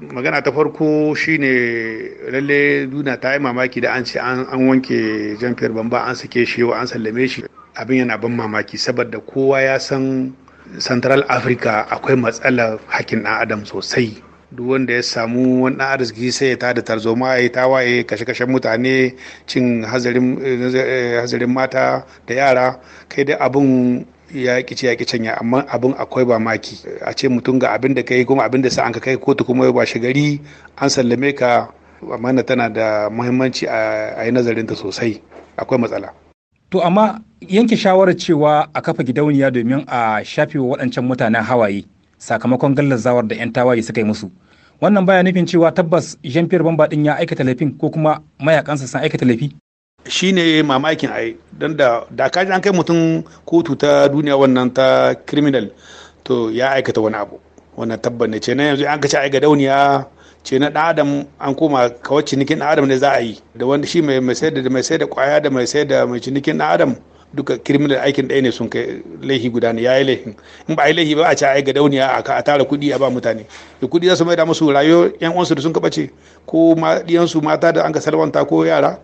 magana ta farko shine lalle duna ta yi mamaki da an ce an wanke jamfiyar bamba an sake shi an sallame shi abin yana ban mamaki saboda kowa ya san central africa akwai matsalar hakin ɗan adam sosai duk wanda ya samu wani arziki sai ya tada tarzoma ya ta waye kashe kashe mutane cin eh, hazarin mata da yara kai da abin ya ce ya kicin ya amma abin akwai ba maki a ce mutum ga abin da kai kuma abin da sa an ka kai kotu kuma ba shi gari an sallame ka amma tana da muhimmanci a yi nazarin ta sosai akwai matsala to amma yanke shawarar cewa a kafa gidauniya domin a shafe wa waɗancan mutanen hawaye sakamakon gallazawar da 'yan tawaye suka yi musu wannan baya nufin cewa tabbas jean pierre bamba ɗin ya aikata laifin ko kuma mayakansa sun aikata laifi shi ne mamakin ai don da da kaji an kai mutum kotu ta duniya wannan ta criminal to ya aikata wani abu wannan tabbani ce na yanzu an kaci ai ga dauniya ce na ɗan adam an koma kawai cinikin dan adam ne za a yi da wanda shi mai sai da mai sai da kwaya da mai sai da mai cinikin dan adam duka criminal aikin ɗaya ne sun kai laifi guda ne ya yi laifin in ba a yi laifi ba a ce ai ga dauniya a tara kuɗi a ba mutane da kuɗi za su mai da musu rayuwar yan uwansu da sun kaɓace ko ma ɗiyansu mata da an ka salwanta ko yara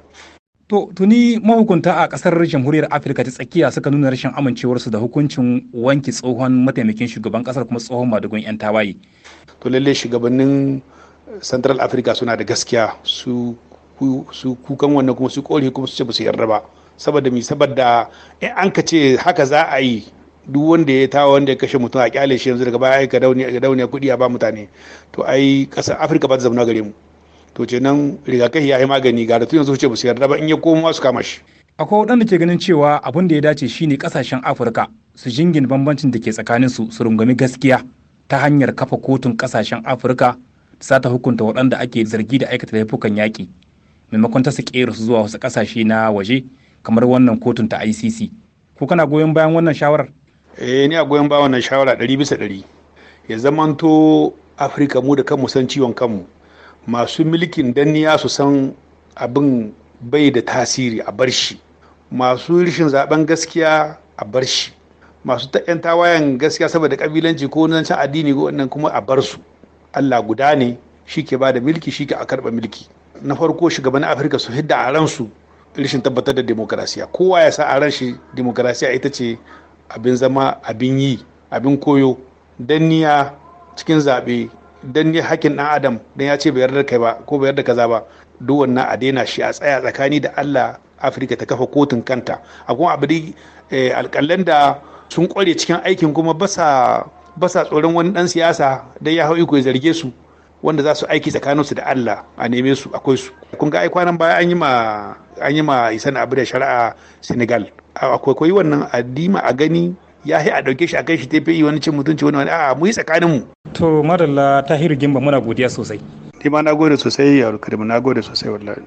To tuni mahukunta a kasar jamhuriyar Afirka ta tsakiya suka nuna rashin amincewarsu da hukuncin wanki tsohon mataimakin shugaban kasar kuma tsohon madugun 'yan tawaye. To lalle shugabannin Central Africa suna da gaskiya su su kukan wannan kuma su kore kuma su ce su yarda ba saboda mi saboda in an ka ce haka za a yi duk wanda ya tawa wanda ya kashe mutum a kyale shi yanzu daga baya ga dauniya kudi a ba mutane to ai kasar Afirka ba ta zama gare mu. to ce nan rigakafi ya yi magani ga da yanzu ce ba su yarda ba in ya koma su kama shi akwai waɗanda ke ganin cewa abin da ya dace shine kasashen afirka su jingin bambancin da ke tsakanin su su rungumi gaskiya ta hanyar kafa kotun kasashen afirka sa ta hukunta waɗanda ake zargi da aikata laifukan yaƙi maimakon ta su ƙera su zuwa wasu ƙasashe na waje kamar wannan kotun ta icc ko kana goyon bayan wannan shawarar eh ni a goyon bayan wannan shawara ɗari bisa ɗari ya zamanto afirka mu da kanmu san ciwon kanmu masu mulkin danniya su san abin bai da tasiri a bar shi masu rishin zaben gaskiya a bar shi masu ta'yan tawayen gaskiya saboda kabilanci ko zancen addini ko wannan kuma a bar su allah guda ne shi ke ba da milki shi ke a karɓa milki na farko shugaban afirka su hidda a ransu rishin tabbatar da demokarasiya kowa ya sa a ran shi demokarasiya ita ce abin zama abin yi abin koyo danniya cikin zaɓe dan ne hakin dan adam dan ya ce bai yarda kai ba ko bai yarda kaza ba duk wannan a daina shi a tsaya tsakani da Allah Afirka ta kafa kotun kanta akwai abu da eh, alƙallan da sun kware cikin aikin kuma basa basa tsoron wani dan siyasa dan ya hau iko ya zarge su wanda za su aiki su da Allah a neme su akwai su kun ga ai kwanan baya an yi ma an yi ma isan abu da shari'a Senegal akwai koyi wannan addima a gani ya a dauke shi a kai shi wani cin mutunci wani wani a'a mu yi tsakanin mu to madalla tahiru gimba muna godiya sosai ni ma na gode sosai yaro karimu na gode sosai wallahi